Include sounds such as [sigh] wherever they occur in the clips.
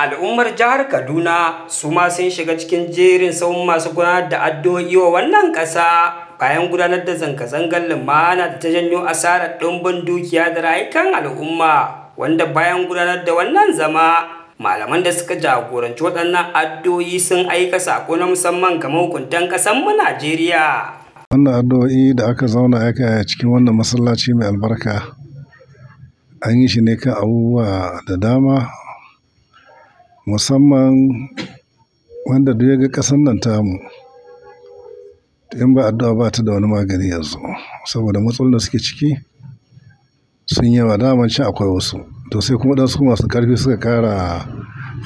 al'ummar jihar kaduna su ma sun shiga cikin jerin sauran masu gudanar da addu'o'i wa wannan ƙasa bayan gudanar da zanga-zangar lumana da ta janyo asarar ɗumbin dukiya da rayukan al'umma wanda bayan gudanar da wannan zama malaman da suka jagoranci waɗannan addu'o'i sun aika sako na musamman ga mahukuntan ƙasarmu Najeriya. Wannan addu'o'i da aka zauna aka cikin wannan masallaci mai albarka an yi shi ne kan abubuwa da dama musamman wanda duk ya ga ƙasan nan tamu in ba addu'a ba ta da wani magani yanzu saboda matsalolin da suke ciki sun yawa daman can akwai wasu to sai kuma dan su masu karfi suka kara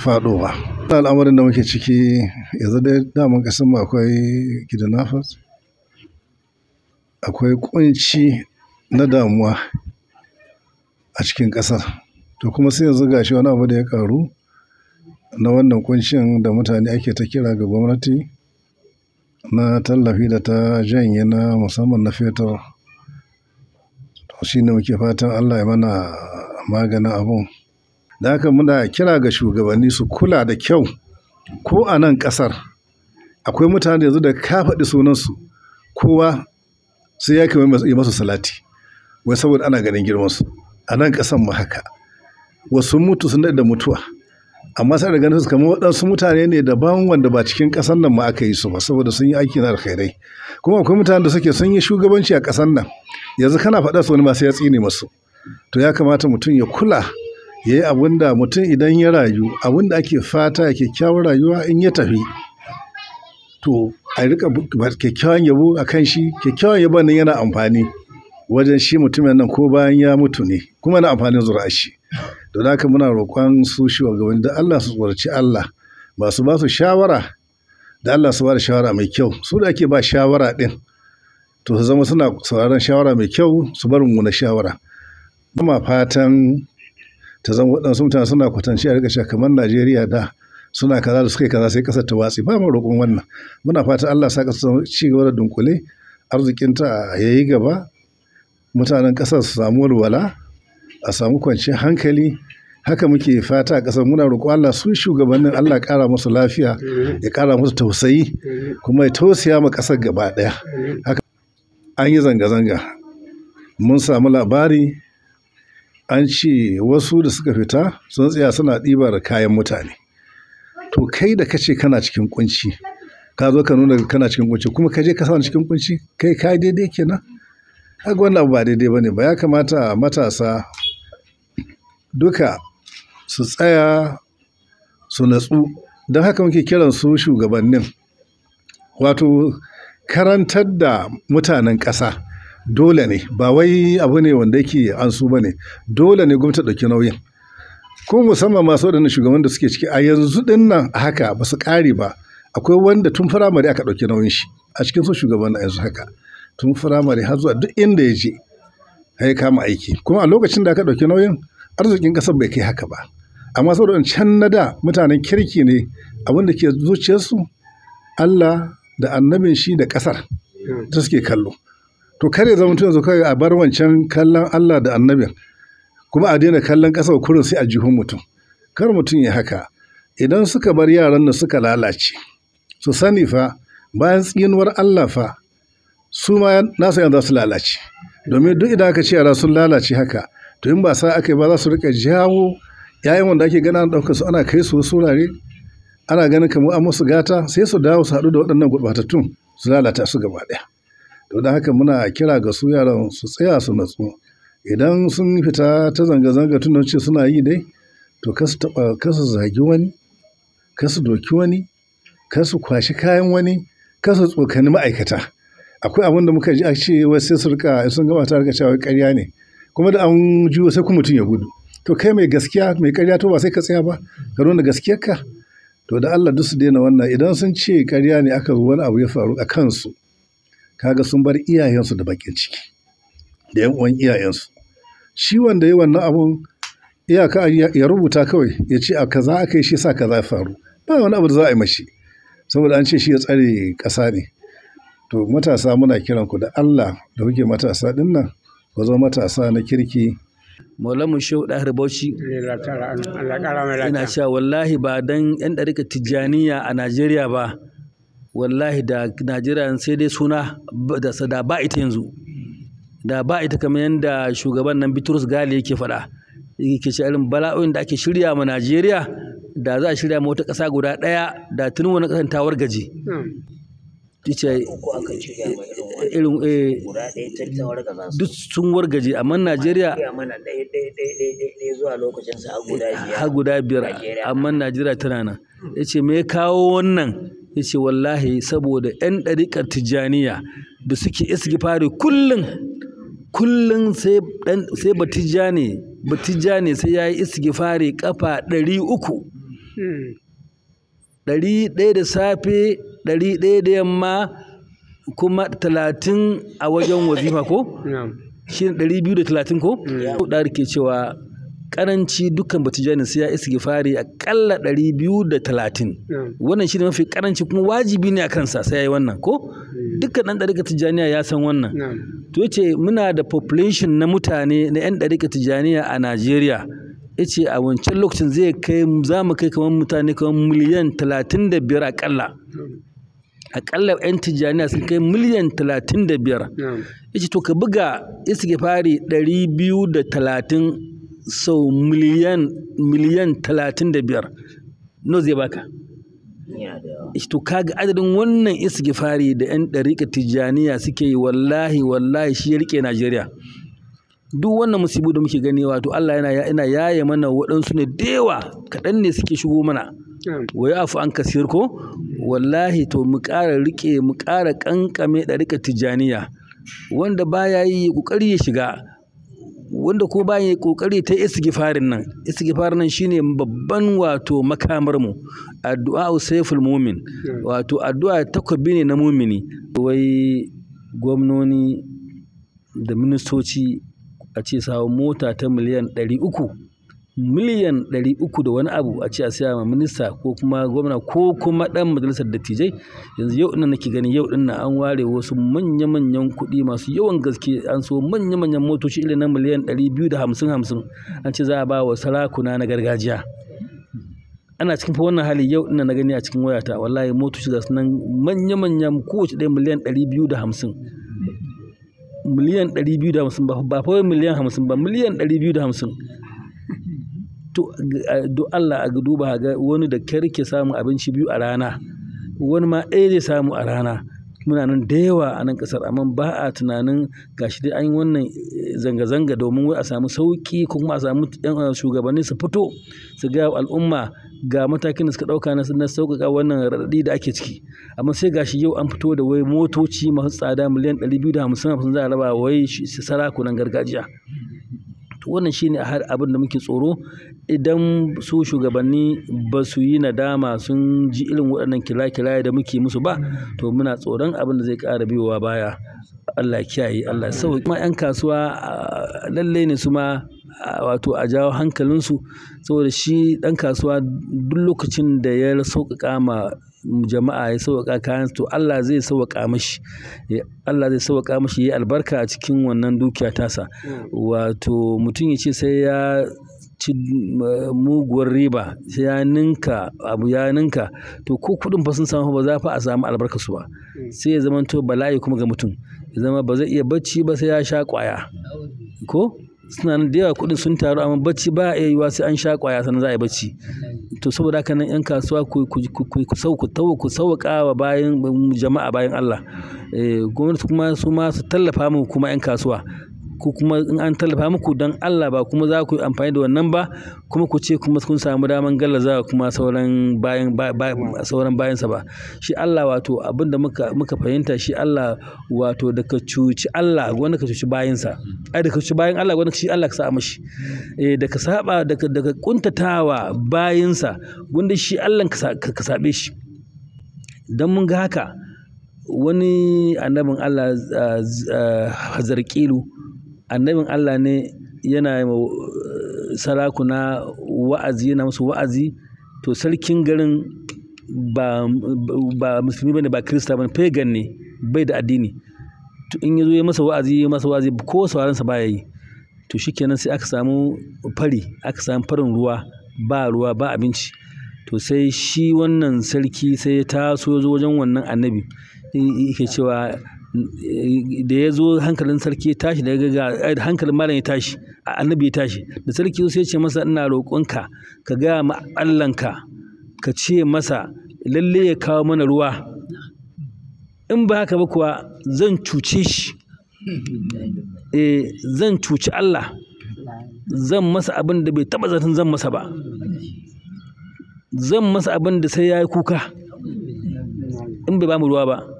faɗowa al'amarin da muke ciki yanzu dai daman kasan mu akwai kidnappers akwai kunci na damuwa a cikin ƙasar to kuma sai yanzu gashi wani abu da ya ƙaru. na wannan kunshin da mutane ake ta kira ga gwamnati na tallafi da ta janye na musamman na fetur shi ne muke fatan Allah ya mana maganin abun da haka muna kira ga shugabanni su kula da kyau ko a nan ƙasar akwai mutane yanzu da ka faɗi sunansu kowa sai ya kama yi masu salati wai saboda ana ganin girmansu a nan ƙasan mu haka wasu mutu sun da mutuwa amma sai da ganin su kamar waɗansu mutane ne daban wanda ba cikin ƙasar nan ma aka yi su ba saboda sun yi aiki na alkhairai kuma akwai mutanen da suke sun yi shugabanci a ƙasar nan yanzu kana faɗa su wani ba sai ya tsine masu to ya kamata mutum ya kula ya yi abin da mutum idan ya rayu abin da ake fata kyakkyawar rayuwa in ya tafi to a rika kyakkyawan yabo a kan shi kyakkyawan yabo nan yana amfani wajen shi mutumin nan ko bayan ya mutu ne kuma na amfanin zuri'ar shi don haka muna roƙon su shugabanni da Allah su tsorci Allah masu ba su shawara da Allah su ba da shawara mai kyau su da ake ba shawara din to su zama suna sauraron shawara mai kyau su bar mu na shawara kuma fatan ta zama waɗansu mutane suna kwatanci a rika kamar Najeriya da suna kaza da suka yi kaza sai kasar ta watsi ba mu roƙon wannan muna fatan Allah sa kasar ci gaba da dunkule arzikinta ya yi gaba mutanen ƙasar su samu walwala a samu kwanciyar hankali haka muke fata a ƙasar muna roƙo Allah su shugabannin Allah ƙara musu lafiya ya ƙara musu tausayi kuma ya tausaya ma ƙasar gaba ɗaya haka an yi zanga-zanga mun samu labari an ce wasu da suka fita sun tsaya suna ɗibar kayan mutane to kai da kace kana cikin kunci ka zo ka nuna kana cikin kunci kuma ka je ka sa cikin kunci kai ka daidai kenan haka wannan abu ba daidai bane ba ya kamata matasa duka su tsaya su natsu don haka muke kiran su shugabannin wato karantar da mutanen ƙasa dole ne ba wai abu ne wanda yake an su ba ne dole ne gwamnati ɗauki nauyin ko musamman masu waɗannan shugaban da suke ciki a yanzu ɗin nan haka ba su ƙare ba akwai wanda tun firamare aka ɗauki nauyin shi a cikin su shugaban na yanzu haka tun firamare har zuwa duk inda ya je ya kama aiki kuma a lokacin da aka ɗauki nauyin arzikin ƙasar bai kai haka ba amma saboda can na da mutanen kirki ne abinda ke zuciyarsu Allah da annabin shi da ƙasar ta suke kallo to kare zama mutum yanzu kawai a bar wancan kallon Allah da annabin kuma a daina kallon ƙasar kurin sai a jihun mutum kar mutum ya haka idan suka bar yaran nan suka lalace su sani fa bayan tsinuwar Allah fa su ma nasu yanzu su lalace domin duk idan aka ce yara sun lalace haka to in ba sa aka yi ba za su rika jawo yayin wanda ake gana ɗaukar su ana kai su wasu wurare ana ganin kamar an musu gata sai su dawo su haɗu da waɗannan gurɓatattun su lalata su gaba ɗaya to don haka muna kira ga su yaran su tsaya su natsu idan sun fita ta zanga-zanga tun ce suna yi dai to su taɓa su zagi wani ka su doki wani ka su kwashi kayan wani ka su tsokani ma'aikata akwai abin da muka ji a ce wai sai su rika sun gama ta rika cewa karya ne kuma da an juyo sai kuma mutum ya gudu to kai mai gaskiya mai karya to ba sai ka tsaya ba ka nuna gaskiyar ka to da Allah duk su daina wannan idan sun ce karya ne aka wani abu ya faru a kansu kaga sun bar iyayensu da bakin ciki da yan uwan iyayensu shi wanda yi wannan abun iyaka ya rubuta kawai ya ce a kaza aka yi shi sa kaza ya faru ba wani abu da za a yi mashi saboda an ce shi ya tsare kasa ne to matasa muna kiran ku da Allah da kuke matasa dinnan ku zo matasa na kirki Maulamu Shehu Dahir Bauchi ina cewa wallahi ba dan yan ɗarika Tijjaniya a Najeriya ba wallahi da Najeriya sai dai suna da ba ita yanzu da ba ita kamar yadda shugaban nan Bitrus Gali yake faɗa yake ce irin bala'o'in da ake shirya ma Najeriya da za a shirya ma wata ƙasa guda ɗaya da tun wani ƙasan gaji irin eh, eh, duk sun wargaje amma Najeriya har guda biyar amma Najeriya tana nan yace me kawo wannan yace wallahi saboda yan ɗariƙar Tijjaniya da suke isgifari kullum kullum sai dan sai Batijjani Batijjani sai yayi isgifari kafa ɗari uku hmm. ɗari ɗaya da safe ɗari ɗaya da yamma kuma talatin a wajen wazifa ko? shi ne ɗari biyu da talatin ko? da ke cewa karanci dukkan batijanin sai ya a ƙalla ɗari biyu da talatin wannan shi ne mafi karanci kuma wajibi ne a kansa sai ya yi wannan ko? Eh. dukkan ɗan ɗarika tijjaniya ya san wannan to ce muna da population na mutane na 'yan ɗarika tijjaniya a Najeriya ce a wancan lokacin zai kai za mu kai kamar mutane kamar miliyan talatin da biyar a ƙalla. akalla yan tijjaniya sun kai miliyan talatin da biyar ya ce to ka buga istighfari ɗari biyu da talatin sau miliyan miliyan talatin da biyar no zai baka to kaga adadin wannan fari da yan ɗariƙa tijjaniya suke yi wallahi wallahi shi ya rike najeriya duk wannan musibu da muke gani wato Allah yana yana yaye mana waɗansu ne dewa kaɗan ne suke shigo mana wai afu an kasir ko wallahi to mu ƙara riƙe mu ƙara ƙanƙame rika tijaniya wanda ba ya yi ƙoƙari ya shiga wanda ko ba ya yi ƙoƙari ta isgifarin nan isgifarin nan shine babban wato makamar mu addu'a saiful mumin wato addu'a takobi ne na mumini wai gwamnoni da ministoci a ce sawo mota ta miliyan ɗari uku miliyan ɗari uku da wani abu a ce a siya ma minista ko kuma gwamna ko kuma ɗan majalisar dattijai yanzu yau ina nake gani yau na an ware wasu manya-manyan kuɗi masu yawan gaske an so manya-manyan motoci irin na miliyan ɗari biyu da hamsin an ce za a ba wa sarakuna na gargajiya ana cikin wannan hali yau ina na gani a cikin wayata wallahi motoci ga nan manya manyan kowace ɗaya miliyan ɗari biyu da hamsin miliyan ɗari biyu da hamsin ba fa miliyan hamsin ba miliyan ɗari biyu da hamsin duk Allah a duba ga wani da kyar ke samun abinci biyu a rana wani ma ɗaya zai samu a rana muna nan da yawa a nan ƙasar amma ba a tunanin gashi dai an yi wannan eh, zanga-zanga domin wai a samu sauƙi ko kuma a samu eh, shugabanni su fito su ga al'umma ga matakin da suka ɗauka na sauƙaƙa wannan raɗaɗi da ake ciki amma sai gashi yau an fito da wai motoci masu tsada miliyan ɗari biyu da hamsin hamsin za a raba wai sarakunan gargajiya to wannan shine har abin da muke tsoro idan su shugabanni ba su yi nadama sun ji irin waɗannan kila-kilaye da muke musu ba to muna tsoron abin da zai ƙara biyowa baya Allah kiyaye Allah kuma 'yan kasuwa lalle ne su ma wato a jawo hankalinsu saboda shi ɗan kasuwa duk lokacin da ya sauƙaƙa ma jama'a ya sauƙaƙa kayan to Allah zai sauƙaƙa mashi Allah zai sauƙaƙa mashi ya albarka a cikin wannan dukiya tasa wato mutum ya ce sai ya ci muguwar riba sai ya ninka abu ya ninka to ko kudin fa sun samu ba za fa a samu albarka su ba sai ya zama zamanto bala'i kuma ga mutum ya zama ba zai iya bacci ba sai ya sha ƙwaya ko suna nan da yawa kuɗin sun taru amma bacci ba a yi yiwa sai an sha ƙwaya sannan za a yi bacci to saboda haka nan 'yan kasuwa ku ku sauƙa wa bayan jama'a bayan Allah eh, gwamnati kuma su ma su tallafa mu kuma 'yan kasuwa ko kuma in an tallafa muku don Allah ba kuma za ku yi amfani da wannan ba kuma ku ce kuma kun samu daman za kuma sauran bayan sauran bayansa ba shi Allah wato abin da muka muka fahimta shi Allah wato da ka cuci Allah wanda ka cuci bayansa ai da ka cuci bayan Allah wanda shi Allah ka sa mashi eh da ka saba da ka kuntatawa bayansa wanda shi Allah ka sabe shi dan mun ga haka wani annabin Allah ah, ah, zarƙilu annabin Allah ne yana eh, sarakuna wa'azi yana musu wa'azi to sarkin garin ba ba musulmi bane ba kirista bane pagan ne bai da addini to in yazo ya masa wa'azi ya masa wa'azi ko sauraron sa baya yi to shikenan sai aka samu fari aka samu farin ruwa ba ruwa ba abinci to sai shi wannan sarki sai ya taso wajen wannan annabi yake cewa da ya zo hankalin sarki ya tashi daga ga hankalin malam ya tashi annabi ya tashi da sarki ya ce masa ina roƙonka ka gaya ma Allahnka ka ce masa lalle ya kawo mana ruwa in ba haka ba kuwa zan cuce shi [laughs] eh zan cuci Allah zan masa abin da bai taba zaton zan masa ba zan masa abin da sai ya yi kuka in bai ba mu ruwa ba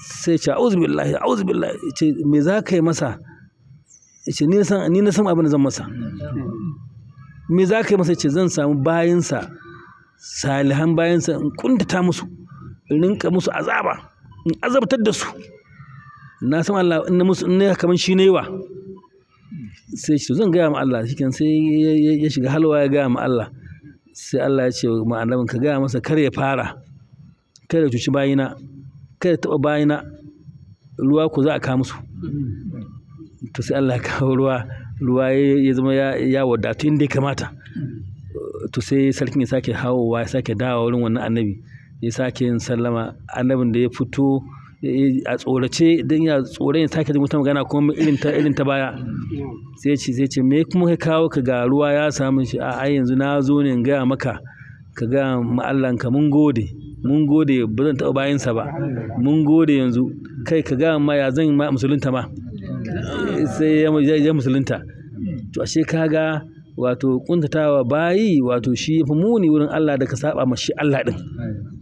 sai ce a'udhu billahi a'udhu billahi ce me za ka yi masa ce ni san ni na san abin da zan masa me za ka yi masa ce zan samu bayinsa salihan bayinsa in kuntata musu in rinka musu azaba in azabtar da su na san Allah in na musu in ne kaman shi ne wa sai ce zan gaya ma Allah kan sai ya shiga halwa ya gaya ma Allah sai Allah ya ce ma annabin ka gaya masa kar ya fara kar ya cuci bayina kada taɓa bayana ruwa ko za a kawo musu mm. to sai Allah ya kawo ruwa ruwa ya zama ya wadatu inda ya kamata mm. to sai sarkin ya sake hawowa ya sake dawa wurin wannan annabi ya sake yin sallama annabin da ya fito a tsorace don ya tsoron ya sake jin wata magana kuma irin ta irin ta baya mm. sai ce sai ce me kuma ka kawo ka ga ruwa ya samu shi a yanzu na zo ne in gaya maka ka ga ma'allanka mun gode mun gode ba zan taɓa bayansa ba mun gode yanzu kai ka gaya ma ya zan ma musulunta ma sai ya musulunta to ashe ga wato kuntatawa bayi wato shi fi muni wurin Allah da ka saba ma shi Allah din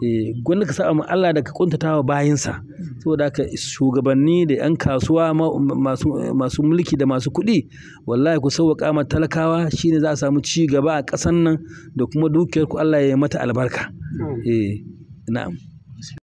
eh gwanda ka saba ma Allah da ka kuntatawa bayinsa saboda ka shugabanni da yan kasuwa masu masu mulki da masu kuɗi wallahi ku sauƙa ma talakawa shine za a samu ci gaba a ƙasan nan da kuma dukiyar ku Allah ya mata albarka hmm. eh نعم